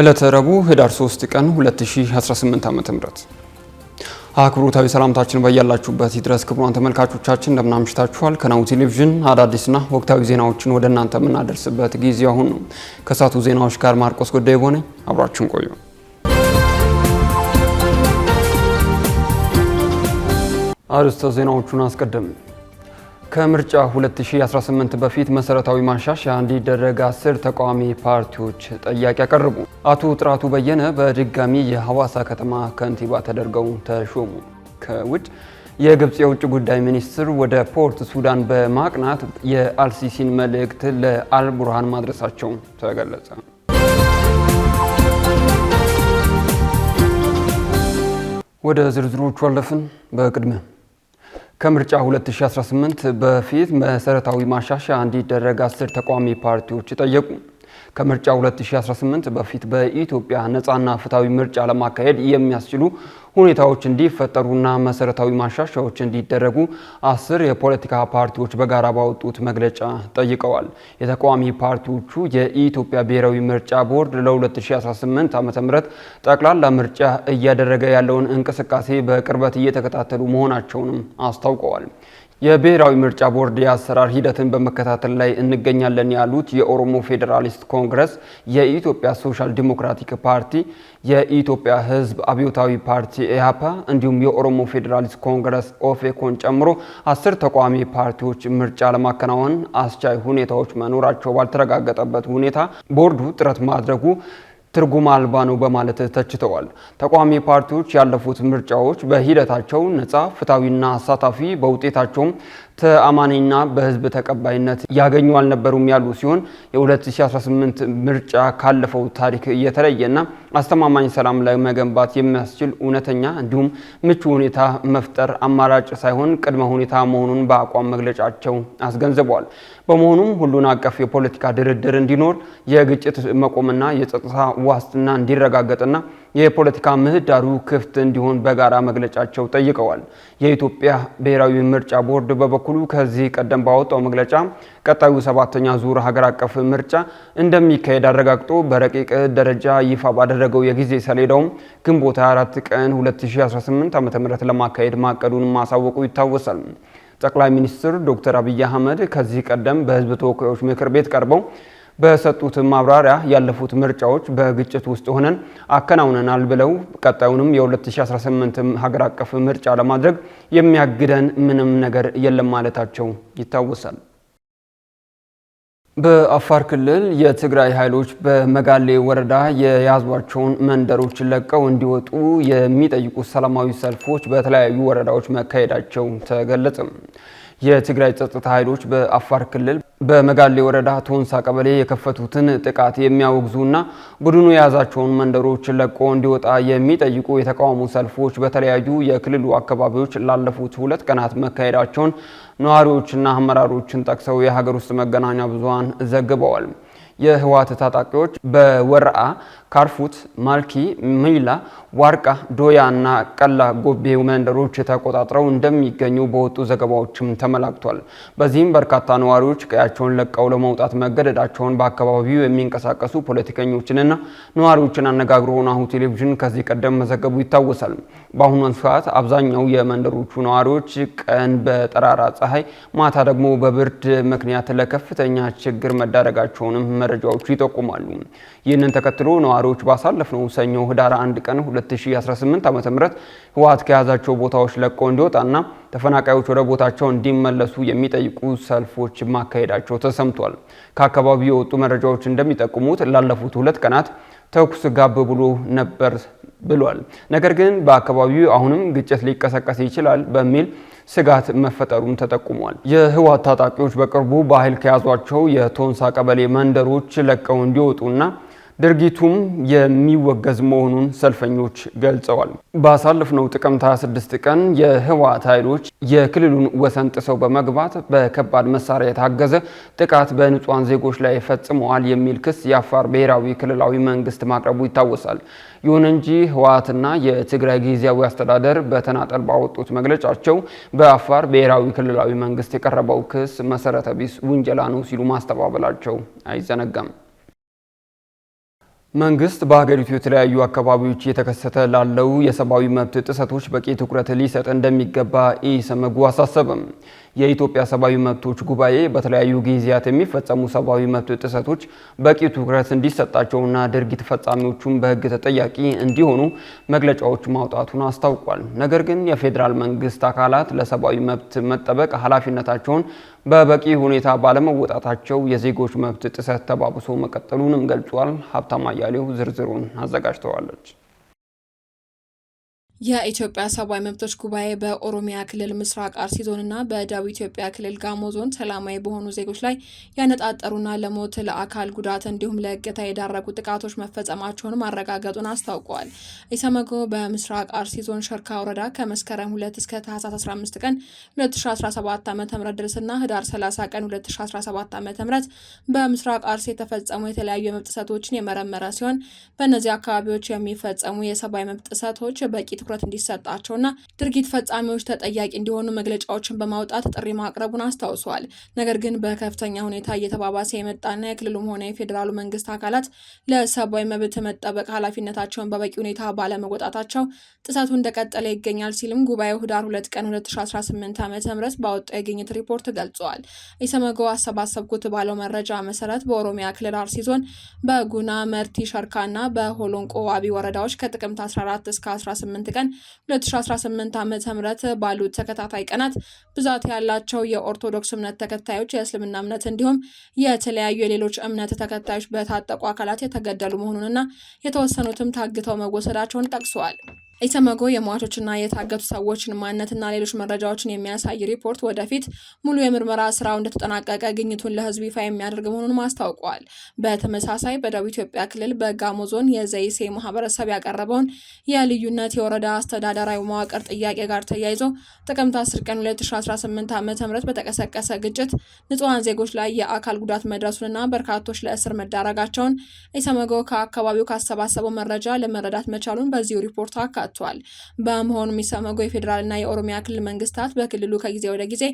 ዕለተ ረቡዕ ህዳር 3 ቀን 2018 ዓ.ም አክብሮታዊ ሰላምታችን በያላችሁበት ይድረስ ክቡራን ተመልካቾቻችን እንደምን አምሽታችኋል። ከናሁ ቴሌቪዥን አዳዲስና ወቅታዊ ዜናዎችን ወደ እናንተ የምናደርስበት ጊዜ አሁን ነው። ከሳቱ ዜናዎች ጋር ማርቆስ ጉዳይ ሆነ፣ አብራችን ቆዩ። አርዕስተ ዜናዎቹን አስቀድመን ከምርጫ 2018 በፊት መሰረታዊ ማሻሻያ እንዲደረግ አስር ተቃዋሚ ፓርቲዎች ጥያቄ አቀረቡ። አቶ ጥራቱ በየነ በድጋሚ የሐዋሳ ከተማ ከንቲባ ተደርገው ተሾሙ። ከውጭ የግብፅ የውጭ ጉዳይ ሚኒስትር ወደ ፖርት ሱዳን በማቅናት የአልሲሲን መልእክት ለአልቡርሃን ማድረሳቸው ተገለጸ። ወደ ዝርዝሮቹ አለፍን። በቅድሚያ ከምርጫ 2018 በፊት መሰረታዊ ማሻሻያ እንዲደረግ አስር ተቃዋሚ ፓርቲዎች ጠየቁ። ከምርጫ 2018 በፊት በኢትዮጵያ ነፃና ፍትሐዊ ምርጫ ለማካሄድ የሚያስችሉ ሁኔታዎች እንዲፈጠሩና መሰረታዊ ማሻሻያዎች እንዲደረጉ አስር የፖለቲካ ፓርቲዎች በጋራ ባወጡት መግለጫ ጠይቀዋል። የተቃዋሚ ፓርቲዎቹ የኢትዮጵያ ብሔራዊ ምርጫ ቦርድ ለ2018 ዓ ም ጠቅላላ ምርጫ እያደረገ ያለውን እንቅስቃሴ በቅርበት እየተከታተሉ መሆናቸውንም አስታውቀዋል። የብሔራዊ ምርጫ ቦርድ የአሰራር ሂደትን በመከታተል ላይ እንገኛለን ያሉት የኦሮሞ ፌዴራሊስት ኮንግረስ፣ የኢትዮጵያ ሶሻል ዲሞክራቲክ ፓርቲ፣ የኢትዮጵያ ሕዝብ አብዮታዊ ፓርቲ ኢህአፓ እንዲሁም የኦሮሞ ፌዴራሊስት ኮንግረስ ኦፌኮን ጨምሮ አስር ተቃዋሚ ፓርቲዎች ምርጫ ለማከናወን አስቻይ ሁኔታዎች መኖራቸው ባልተረጋገጠበት ሁኔታ ቦርዱ ጥረት ማድረጉ ትርጉም አልባ ነው በማለት ተችተዋል። ተቋሚ ፓርቲዎች ያለፉት ምርጫዎች በሂደታቸው ነፃ፣ ፍትሐዊና አሳታፊ በውጤታቸውም ተአማኒና በህዝብ ተቀባይነት ያገኙ አልነበሩም ያሉ ሲሆን የ2018 ምርጫ ካለፈው ታሪክ የተለየና አስተማማኝ ሰላም ለመገንባት የሚያስችል እውነተኛ እንዲሁም ምቹ ሁኔታ መፍጠር አማራጭ ሳይሆን ቅድመ ሁኔታ መሆኑን በአቋም መግለጫቸው አስገንዝቧል። በመሆኑም ሁሉን አቀፍ የፖለቲካ ድርድር እንዲኖር የግጭት መቆምና የጸጥታ ዋስትና እንዲረጋገጥና የፖለቲካ ምህዳሩ ክፍት እንዲሆን በጋራ መግለጫቸው ጠይቀዋል። የኢትዮጵያ ብሔራዊ ምርጫ ቦርድ በበኩሉ ከዚህ ቀደም ባወጣው መግለጫ ቀጣዩ ሰባተኛ ዙር ሀገር አቀፍ ምርጫ እንደሚካሄድ አረጋግጦ በረቂቅ ደረጃ ይፋ ባደረገው የጊዜ ሰሌዳውም ግንቦት 24 ቀን 2018 ዓ.ም ለማካሄድ ማቀዱን ማሳወቁ ይታወሳል። ጠቅላይ ሚኒስትር ዶክተር አብይ አህመድ ከዚህ ቀደም በህዝብ ተወካዮች ምክር ቤት ቀርበው በሰጡት ማብራሪያ ያለፉት ምርጫዎች በግጭት ውስጥ ሆነን አከናውነናል ብለው ቀጣዩንም የ2018 ሀገር አቀፍ ምርጫ ለማድረግ የሚያግደን ምንም ነገር የለም ማለታቸው ይታወሳል። በአፋር ክልል የትግራይ ኃይሎች በመጋሌ ወረዳ የያዟቸውን መንደሮችን ለቀው እንዲወጡ የሚጠይቁ ሰላማዊ ሰልፎች በተለያዩ ወረዳዎች መካሄዳቸው ተገለጸ። የትግራይ ጸጥታ ኃይሎች በአፋር ክልል በመጋሌ ወረዳ ቶንሳ ቀበሌ የከፈቱትን ጥቃት የሚያወግዙና ቡድኑ የያዛቸውን መንደሮች ለቆ እንዲወጣ የሚጠይቁ የተቃውሞ ሰልፎች በተለያዩ የክልሉ አካባቢዎች ላለፉት ሁለት ቀናት መካሄዳቸውን ነዋሪዎችና አመራሮችን ጠቅሰው የሀገር ውስጥ መገናኛ ብዙኃን ዘግበዋል። የህወሓት ታጣቂዎች በወረአ ካርፉት፣ ማልኪ፣ ሚላ፣ ዋርቃ፣ ዶያ እና ቀላ ጎቤ መንደሮች ተቆጣጥረው እንደሚገኙ በወጡ ዘገባዎችም ተመላክቷል። በዚህም በርካታ ነዋሪዎች ቀያቸውን ለቀው ለመውጣት መገደዳቸውን በአካባቢው የሚንቀሳቀሱ ፖለቲከኞችንና ነዋሪዎችን አነጋግሮ ናሁ ቴሌቪዥን ከዚህ ቀደም መዘገቡ ይታወሳል። በአሁኑ ሰዓት አብዛኛው የመንደሮቹ ነዋሪዎች ቀን በጠራራ ፀሐይ፣ ማታ ደግሞ በብርድ ምክንያት ለከፍተኛ ችግር መዳረጋቸውንም መረጃዎቹ ይጠቁማሉ። ይህንን ተከትሎ ነዋሪ ተማሪዎች ባሳለፍነው ሰኞ ህዳር 1 ቀን 2018 ዓ.ም ህወሓት ከያዛቸው ቦታዎች ለቆ እንዲወጣና ተፈናቃዮች ወደ ቦታቸው እንዲመለሱ የሚጠይቁ ሰልፎች ማካሄዳቸው ተሰምቷል። ከአካባቢው የወጡ መረጃዎች እንደሚጠቁሙት ላለፉት ሁለት ቀናት ተኩስ ጋብ ብሎ ነበር ብሏል። ነገር ግን በአካባቢው አሁንም ግጭት ሊቀሰቀስ ይችላል በሚል ስጋት መፈጠሩም ተጠቁሟል። የህወሓት ታጣቂዎች በቅርቡ በኃይል ከያዟቸው የቶንሳ ቀበሌ መንደሮች ለቀው እንዲወጡና ድርጊቱም የሚወገዝ መሆኑን ሰልፈኞች ገልጸዋል። ባሳለፍነው ጥቅምት 26 ቀን የህወሓት ኃይሎች የክልሉን ወሰን ጥሰው በመግባት በከባድ መሳሪያ የታገዘ ጥቃት በንጹሐን ዜጎች ላይ ፈጽመዋል የሚል ክስ የአፋር ብሔራዊ ክልላዊ መንግስት ማቅረቡ ይታወሳል። ይሁን እንጂ ህወሓትና የትግራይ ጊዜያዊ አስተዳደር በተናጠል ባወጡት መግለጫቸው በአፋር ብሔራዊ ክልላዊ መንግስት የቀረበው ክስ መሰረተ ቢስ ውንጀላ ነው ሲሉ ማስተባበላቸው አይዘነጋም። መንግስት በሀገሪቱ የተለያዩ አካባቢዎች እየተከሰተ ላለው የሰብአዊ መብት ጥሰቶች በቂ ትኩረት ሊሰጥ እንደሚገባ ኢሰመጉ አሳሰበም። የኢትዮጵያ ሰብአዊ መብቶች ጉባኤ በተለያዩ ጊዜያት የሚፈጸሙ ሰብአዊ መብት ጥሰቶች በቂ ትኩረት እንዲሰጣቸውና ድርጊት ፈጻሚዎቹም በሕግ ተጠያቂ እንዲሆኑ መግለጫዎች ማውጣቱን አስታውቋል። ነገር ግን የፌዴራል መንግስት አካላት ለሰብአዊ መብት መጠበቅ ኃላፊነታቸውን በበቂ ሁኔታ ባለመወጣታቸው የዜጎች መብት ጥሰት ተባብሶ መቀጠሉንም ገልጿል። ሀብታም አያሌው ዝርዝሩን አዘጋጅተዋለች። የኢትዮጵያ ሰብአዊ መብቶች ጉባኤ በኦሮሚያ ክልል ምስራቅ አርሲ ዞንና በደቡብ ኢትዮጵያ ክልል ጋሞ ዞን ሰላማዊ በሆኑ ዜጎች ላይ ያነጣጠሩና ለሞት ለአካል ጉዳት እንዲሁም ለእገታ የዳረጉ ጥቃቶች መፈጸማቸውን ማረጋገጡን አስታውቀዋል። ኢሰመጎ በምስራቅ አርሲ ዞን ሸርካ ወረዳ ከመስከረም 2 እስከ ታህሳስ 15 ቀን 2017 ዓ ም ድረስና ህዳር 30 ቀን 2017 ዓ ም በምስራቅ አርሲ የተፈጸሙ የተለያዩ የመብት ጥሰቶችን የመረመረ ሲሆን በእነዚህ አካባቢዎች የሚፈጸሙ የሰብአዊ መብት ጥሰቶች ትኩረት እንዲሰጣቸውና ድርጊት ፈጻሚዎች ተጠያቂ እንዲሆኑ መግለጫዎችን በማውጣት ጥሪ ማቅረቡን አስታውሰዋል። ነገር ግን በከፍተኛ ሁኔታ እየተባባሰ የመጣና የክልሉም ሆነ የፌዴራሉ መንግስት አካላት ለሰብአዊ መብት መጠበቅ ኃላፊነታቸውን በበቂ ሁኔታ ባለመወጣታቸው ጥሰቱ እንደቀጠለ ይገኛል ሲልም ጉባኤው ህዳር 2 ቀን 2018 ዓ ም ባወጣው የግኝት ሪፖርት ገልጿል። ኢሰመጎ አሰባሰብኩት ባለው መረጃ መሰረት በኦሮሚያ ክልል አርሲ ዞን በጉና መርቲ ሸርካ እና በሆሎንቆ ዋቢ ወረዳዎች ከጥቅምት 14 እስከ 18 ቀን 2018 ዓ ም ባሉት ተከታታይ ቀናት ብዛት ያላቸው የኦርቶዶክስ እምነት ተከታዮች፣ የእስልምና እምነት እንዲሁም የተለያዩ የሌሎች እምነት ተከታዮች በታጠቁ አካላት የተገደሉ መሆኑንና የተወሰኑትም ታግተው መወሰዳቸውን ጠቅሰዋል። ኢሰመጎ የሟቾችና የታገቱ ሰዎችን ማንነትና ሌሎች መረጃዎችን የሚያሳይ ሪፖርት ወደፊት ሙሉ የምርመራ ስራው እንደተጠናቀቀ ግኝቱን ለህዝብ ይፋ የሚያደርግ መሆኑንም አስታውቋል። በተመሳሳይ በደቡብ ኢትዮጵያ ክልል በጋሞ ዞን የዘይሴ ማህበረሰብ ያቀረበውን የልዩነት የወረዳ አስተዳደራዊ መዋቅር ጥያቄ ጋር ተያይዞ ጥቅምት 10 ቀን 2018 ዓ ም በተቀሰቀሰ ግጭት ንጹሐን ዜጎች ላይ የአካል ጉዳት መድረሱንና በርካቶች ለእስር መዳረጋቸውን ኢሰመጎ ከአካባቢው ካሰባሰበው መረጃ ለመረዳት መቻሉን በዚሁ ሪፖርት አካ አካቷል። በመሆኑም ኢሰመጉ የፌዴራልና የኦሮሚያ ክልል መንግስታት በክልሉ ከጊዜ ወደ ጊዜ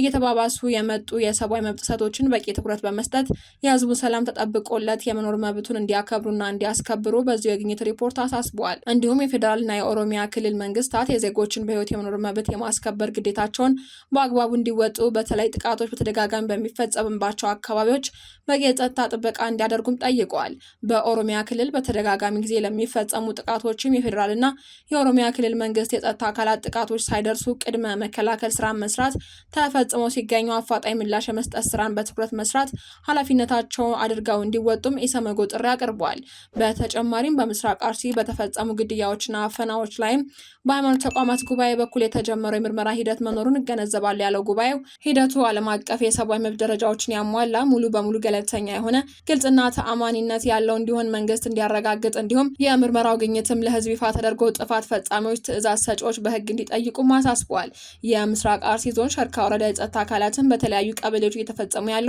እየተባባሱ የመጡ የሰብአዊ መብት ጥሰቶችን በቂ ትኩረት በመስጠት የህዝቡ ሰላም ተጠብቆለት የመኖር መብቱን እንዲያከብሩና እንዲያስከብሩ በዚሁ የግኝት ሪፖርት አሳስበዋል። እንዲሁም የፌዴራልና የኦሮሚያ ክልል መንግስታት የዜጎችን በህይወት የመኖር መብት የማስከበር ግዴታቸውን በአግባቡ እንዲወጡ በተለይ ጥቃቶች በተደጋጋሚ በሚፈጸምባቸው አካባቢዎች በቂ የጸጥታ ጥበቃ እንዲያደርጉም ጠይቀዋል። በኦሮሚያ ክልል በተደጋጋሚ ጊዜ ለሚፈጸሙ ጥቃቶችም የፌዴራልና የኦሮሚያ ክልል መንግስት የጸጥታ አካላት ጥቃቶች ሳይደርሱ ቅድመ መከላከል ስራ መስራት ተፈ ተፈጽሞ ሲገኙ አፋጣኝ ምላሽ የመስጠት ስራን በትኩረት መስራት ኃላፊነታቸው አድርገው እንዲወጡም ኢሰመጎ ጥሪ አቅርቧል። በተጨማሪም በምስራቅ አርሲ በተፈጸሙ ግድያዎችና አፈናዎች ላይም በሃይማኖት ተቋማት ጉባኤ በኩል የተጀመረው የምርመራ ሂደት መኖሩን እገነዘባል ያለው ጉባኤው ሂደቱ ዓለም አቀፍ የሰብአዊ መብት ደረጃዎችን ያሟላ ሙሉ በሙሉ ገለልተኛ የሆነ ግልጽና ተአማኒነት ያለው እንዲሆን መንግስት እንዲያረጋግጥ እንዲሁም የምርመራው ግኝትም ለህዝብ ይፋ ተደርጎ ጥፋት ፈጻሚዎች፣ ትእዛዝ ሰጪዎች በህግ እንዲጠይቁም አሳስበዋል። የምስራቅ አርሲ ዞን ሸርካ ወረዳ የጸጥታ አካላትን በተለያዩ ቀበሌዎች እየተፈጸሙ ያሉ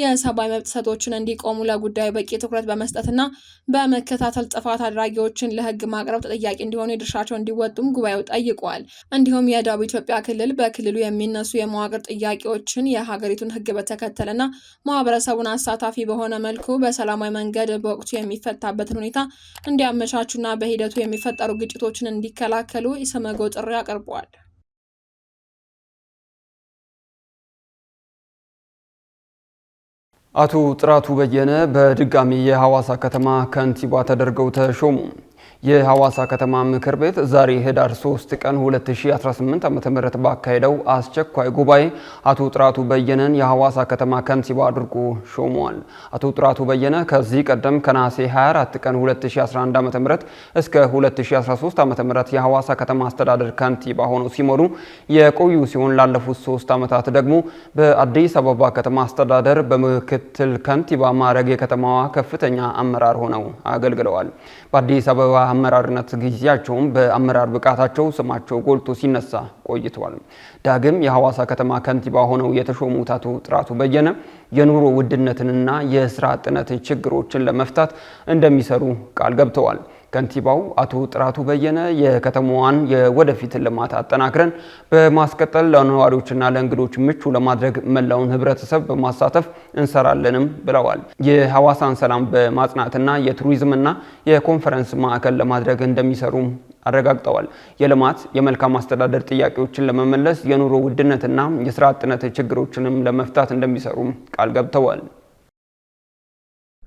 የሰብአዊ መብት ጥሰቶችን እንዲቆሙ ለጉዳዩ በቂ ትኩረት በመስጠትና በመከታተል ጥፋት አድራጊዎችን ለህግ ማቅረብ ተጠያቂ እንዲሆኑ የድርሻቸው እንዲወጡም ጉባኤው ጠይቋል። እንዲሁም የደቡብ ኢትዮጵያ ክልል በክልሉ የሚነሱ የመዋቅር ጥያቄዎችን የሀገሪቱን ህግ በተከተለና ማህበረሰቡን አሳታፊ በሆነ መልኩ በሰላማዊ መንገድ በወቅቱ የሚፈታበትን ሁኔታ እንዲያመቻቹና በሂደቱ የሚፈጠሩ ግጭቶችን እንዲከላከሉ ኢሰመጎ ጥሪ አቅርቧል። አቶ ጥራቱ በየነ በድጋሚ የሐዋሳ ከተማ ከንቲባ ተደርገው ተሾሙ። የሐዋሳ ከተማ ምክር ቤት ዛሬ ህዳር 3 ቀን 2018 ዓ.ም ባካሄደው አስቸኳይ ጉባኤ አቶ ጥራቱ በየነን የሐዋሳ ከተማ ከንቲባ አድርጎ ሾሟል። አቶ ጥራቱ በየነ ከዚህ ቀደም ከነሐሴ 24 ቀን 2011 ዓ.ም እስከ 2013 ዓ.ም የሐዋሳ ከተማ አስተዳደር ከንቲባ ሆነው ሲሞሉ የቆዩ ሲሆን ላለፉት ሶስት ዓመታት ደግሞ በአዲስ አበባ ከተማ አስተዳደር በምክትል ከንቲባ ማዕረግ የከተማዋ ከፍተኛ አመራር ሆነው አገልግለዋል። በአዲስ አበባ አመራርነት ጊዜያቸውም በአመራር ብቃታቸው ስማቸው ጎልቶ ሲነሳ ቆይተዋል። ዳግም የሐዋሳ ከተማ ከንቲባ ሆነው የተሾሙት አቶ ጥራቱ በየነ የኑሮ ውድነትንና የስራ አጥነትን ችግሮችን ለመፍታት እንደሚሰሩ ቃል ገብተዋል። ከንቲባው አቶ ጥራቱ በየነ የከተማዋን የወደፊት ልማት አጠናክረን በማስቀጠል ለነዋሪዎችና ለእንግዶች ምቹ ለማድረግ መላውን ህብረተሰብ በማሳተፍ እንሰራለንም ብለዋል። የሐዋሳን ሰላም በማጽናትና የቱሪዝምና የኮንፈረንስ ማዕከል ለማድረግ እንደሚሰሩም አረጋግጠዋል። የልማት የመልካም አስተዳደር ጥያቄዎችን ለመመለስ የኑሮ ውድነትና የስራ አጥነት ችግሮችንም ለመፍታት እንደሚሰሩም ቃል ገብተዋል።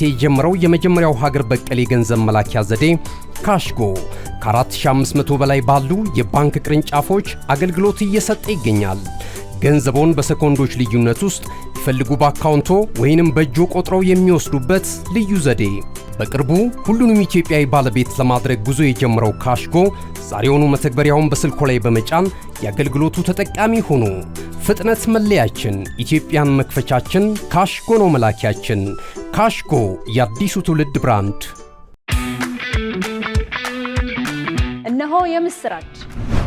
መፍትሄ የጀመረው የመጀመሪያው ሀገር በቀል የገንዘብ መላኪያ ዘዴ ካሽጎ ከ4500 በላይ ባሉ የባንክ ቅርንጫፎች አገልግሎት እየሰጠ ይገኛል። ገንዘቦን በሰኮንዶች ልዩነት ውስጥ ይፈልጉ በአካውንቶ ወይንም በእጆ ቆጥረው የሚወስዱበት ልዩ ዘዴ በቅርቡ ሁሉንም ኢትዮጵያዊ ባለቤት ለማድረግ ጉዞ የጀመረው ካሽጎ ዛሬውኑ መተግበሪያውን በስልኮ ላይ በመጫን የአገልግሎቱ ተጠቃሚ ሆኑ። ፍጥነት መለያችን፣ ኢትዮጵያን መክፈቻችን፣ ካሽጎ ነው መላኪያችን። ካሽጎ የአዲሱ ትውልድ ብራንድ። እነሆ የምስራች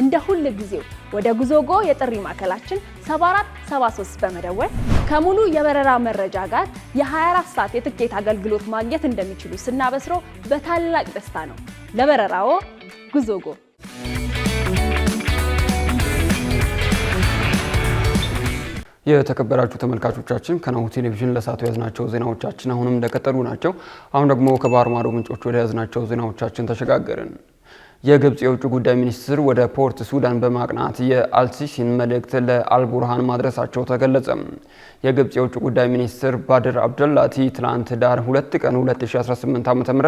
እንደ ሁል ጊዜው ወደ ጉዞጎ የጥሪ ማዕከላችን 7473 በመደወል ከሙሉ የበረራ መረጃ ጋር የ24 ሰዓት የትኬት አገልግሎት ማግኘት እንደሚችሉ ስናበስሮ በታላቅ ደስታ ነው። ለበረራዎ ጉዞጎ። የተከበራችሁ ተመልካቾቻችን ከናሁ ቴሌቪዥን ለሳቱ የያዝናቸው ዜናዎቻችን አሁንም እንደቀጠሉ ናቸው። አሁን ደግሞ ከባህር ማዶ ምንጮች ወደ ያዝናቸው ዜናዎቻችን ተሸጋገርን። የግብፅ የውጭ ጉዳይ ሚኒስትር ወደ ፖርት ሱዳን በማቅናት የአልሲሲን መልእክት ለአልቡርሃን ማድረሳቸው ተገለጸ። የግብፅ የውጭ ጉዳይ ሚኒስትር ባድር አብደላቲ ትናንት ዳር 2 ቀን 2018 ዓ ም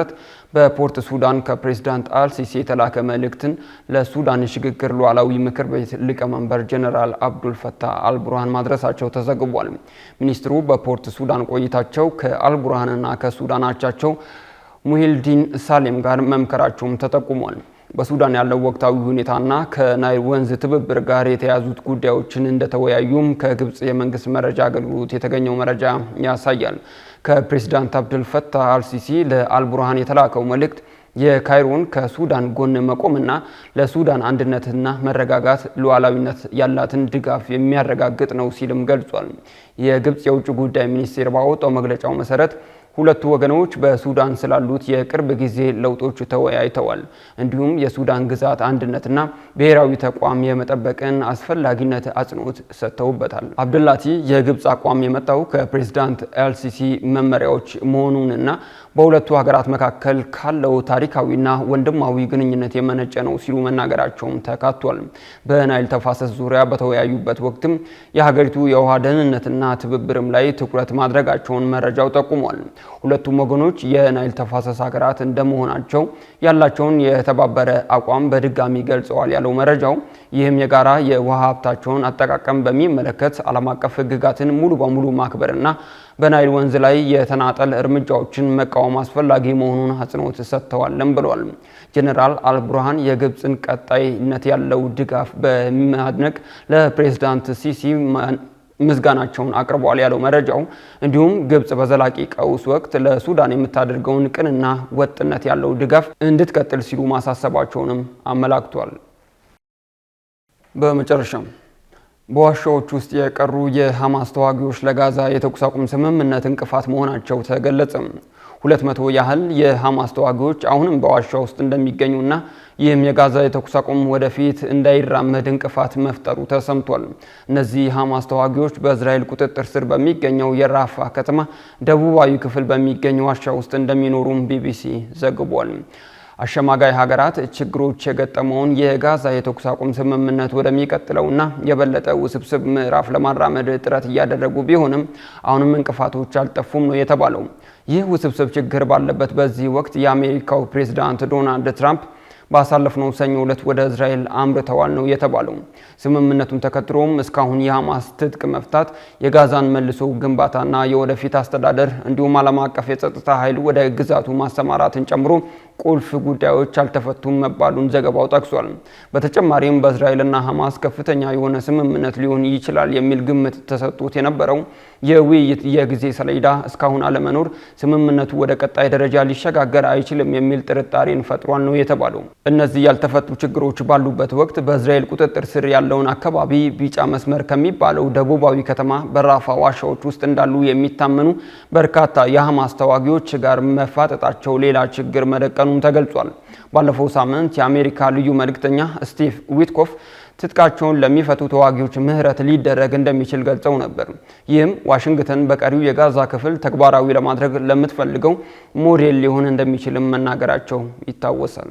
በፖርት ሱዳን ከፕሬዚዳንት አልሲሲ የተላከ መልእክትን ለሱዳን የሽግግር ሉዓላዊ ምክር ቤት ሊቀመንበር ጀነራል አብዱልፈታህ አልቡርሃን ማድረሳቸው ተዘግቧል። ሚኒስትሩ በፖርት ሱዳን ቆይታቸው ከአልቡርሃንና ከሱዳን አቻቸው ሙሂልዲን ሳሌም ጋር መምከራቸውም ተጠቁሟል። በሱዳን ያለው ወቅታዊ ሁኔታና ከናይል ወንዝ ትብብር ጋር የተያዙት ጉዳዮችን እንደተወያዩም ከግብፅ የመንግስት መረጃ አገልግሎት የተገኘው መረጃ ያሳያል። ከፕሬዚዳንት አብደል አልሲሲ ለአልቡርሃን የተላከው መልእክት የካይሮን ከሱዳን ጎን መቆምና ለሱዳን አንድነትና መረጋጋት ሉዓላዊነት ያላትን ድጋፍ የሚያረጋግጥ ነው ሲልም ገልጿል። የግብፅ የውጭ ጉዳይ ሚኒስቴር ባወጣው መግለጫው መሰረት ሁለቱ ወገኖች በሱዳን ስላሉት የቅርብ ጊዜ ለውጦች ተወያይተዋል። እንዲሁም የሱዳን ግዛት አንድነትና ብሔራዊ ተቋም የመጠበቅን አስፈላጊነት አጽንኦት ሰጥተውበታል። አብደላቲ የግብፅ አቋም የመጣው ከፕሬዝዳንት ኤልሲሲ መመሪያዎች መሆኑንና በሁለቱ ሀገራት መካከል ካለው ታሪካዊና ወንድማዊ ግንኙነት የመነጨ ነው ሲሉ መናገራቸውም ተካቷል። በናይል ተፋሰስ ዙሪያ በተወያዩበት ወቅትም የሀገሪቱ የውሃ ደህንነትና ትብብርም ላይ ትኩረት ማድረጋቸውን መረጃው ጠቁሟል። ሁለቱም ወገኖች የናይል ተፋሰስ ሀገራት እንደመሆናቸው ያላቸውን የተባበረ አቋም በድጋሚ ገልጸዋል ያለው መረጃው ይህም የጋራ የውሃ ሀብታቸውን አጠቃቀም በሚመለከት ዓለም አቀፍ ሕግጋትን ሙሉ በሙሉ ማክበርና በናይል ወንዝ ላይ የተናጠል እርምጃዎችን መቃወም አስፈላጊ መሆኑን አጽንኦት ሰጥተዋልም ብሏል። ጀኔራል አልቡርሃን የግብፅን ቀጣይነት ያለው ድጋፍ በማድነቅ ለፕሬዝዳንት ሲሲ ምስጋናቸውን አቅርበዋል ያለው መረጃው እንዲሁም ግብጽ በዘላቂ ቀውስ ወቅት ለሱዳን የምታደርገውን ቅንና ወጥነት ያለው ድጋፍ እንድትቀጥል ሲሉ ማሳሰባቸውንም አመላክቷል። በመጨረሻም በዋሻዎች ውስጥ የቀሩ የሐማስ ተዋጊዎች ለጋዛ የተኩስ አቁም ስምምነት እንቅፋት መሆናቸው ተገለጸ። ሁለት መቶ ያህል የሐማስ ተዋጊዎች አሁንም በዋሻ ውስጥ እንደሚገኙና ይህም የጋዛ የተኩስ አቁም ወደፊት እንዳይራመድ እንቅፋት መፍጠሩ ተሰምቷል። እነዚህ ሐማስ ተዋጊዎች በእስራኤል ቁጥጥር ስር በሚገኘው የራፋ ከተማ ደቡባዊ ክፍል በሚገኝ ዋሻ ውስጥ እንደሚኖሩም ቢቢሲ ዘግቧል። አሸማጋይ ሀገራት ችግሮች የገጠመውን የጋዛ የተኩስ አቁም ስምምነት ወደሚቀጥለውና የበለጠ ውስብስብ ምዕራፍ ለማራመድ ጥረት እያደረጉ ቢሆንም አሁንም እንቅፋቶች አልጠፉም ነው የተባለው። ይህ ውስብስብ ችግር ባለበት በዚህ ወቅት የአሜሪካው ፕሬዝዳንት ዶናልድ ትራምፕ ባሳለፍነው ሰኞ ዕለት ወደ እስራኤል አምርተዋል ነው የተባለው። ስምምነቱን ተከትሎም እስካሁን የሐማስ ትጥቅ መፍታት፣ የጋዛን መልሶ ግንባታና የወደፊት አስተዳደር እንዲሁም ዓለም አቀፍ የጸጥታ ኃይል ወደ ግዛቱ ማሰማራትን ጨምሮ ቁልፍ ጉዳዮች አልተፈቱም መባሉን ዘገባው ጠቅሷል። በተጨማሪም በእስራኤልና ሐማስ ከፍተኛ የሆነ ስምምነት ሊሆን ይችላል የሚል ግምት ተሰጥቶት የነበረው የውይይት የጊዜ ሰሌዳ እስካሁን አለመኖር ስምምነቱ ወደ ቀጣይ ደረጃ ሊሸጋገር አይችልም የሚል ጥርጣሬን ፈጥሯል ነው የተባለው። እነዚህ ያልተፈቱ ችግሮች ባሉበት ወቅት በእስራኤል ቁጥጥር ስር ያለውን አካባቢ ቢጫ መስመር ከሚባለው ደቡባዊ ከተማ በራፋ ዋሻዎች ውስጥ እንዳሉ የሚታመኑ በርካታ የሐማስ ተዋጊዎች ጋር መፋጠጣቸው ሌላ ችግር መደቀ መቀኑም ተገልጿል። ባለፈው ሳምንት የአሜሪካ ልዩ መልእክተኛ ስቲቭ ዊትኮፍ ትጥቃቸውን ለሚፈቱ ተዋጊዎች ምህረት ሊደረግ እንደሚችል ገልጸው ነበር። ይህም ዋሽንግተን በቀሪው የጋዛ ክፍል ተግባራዊ ለማድረግ ለምትፈልገው ሞዴል ሊሆን እንደሚችልም መናገራቸው ይታወሳል።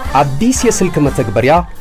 አዲስ የስልክ መተግበሪያ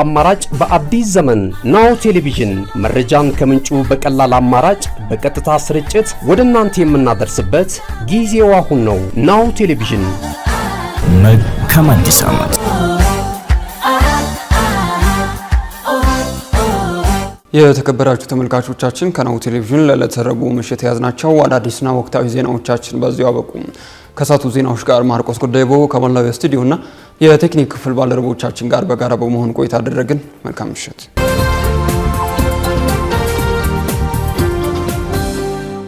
አማራጭ በአዲስ ዘመን ናው ቴሌቪዥን መረጃን ከምንጩ በቀላል አማራጭ በቀጥታ ስርጭት ወደ እናንተ የምናደርስበት ጊዜው አሁን ነው። ናው ቴሌቪዥን መልካም አዲስ ዓመት። የተከበራችሁ ተመልካቾቻችን ከናው ቴሌቪዥን ለዕለተ ረቡዕ ምሽት የያዝናቸው አዳዲስና ወቅታዊ ዜናዎቻችን በዚሁ አበቁ። ከሳቱ ዜናዎች ጋር ማርቆስ ጉዳይቦ ከመላው ስቱዲዮና የቴክኒክ ክፍል ባልደረቦቻችን ጋር በጋራ በመሆን ቆይታ አደረግን። መልካም ምሽት።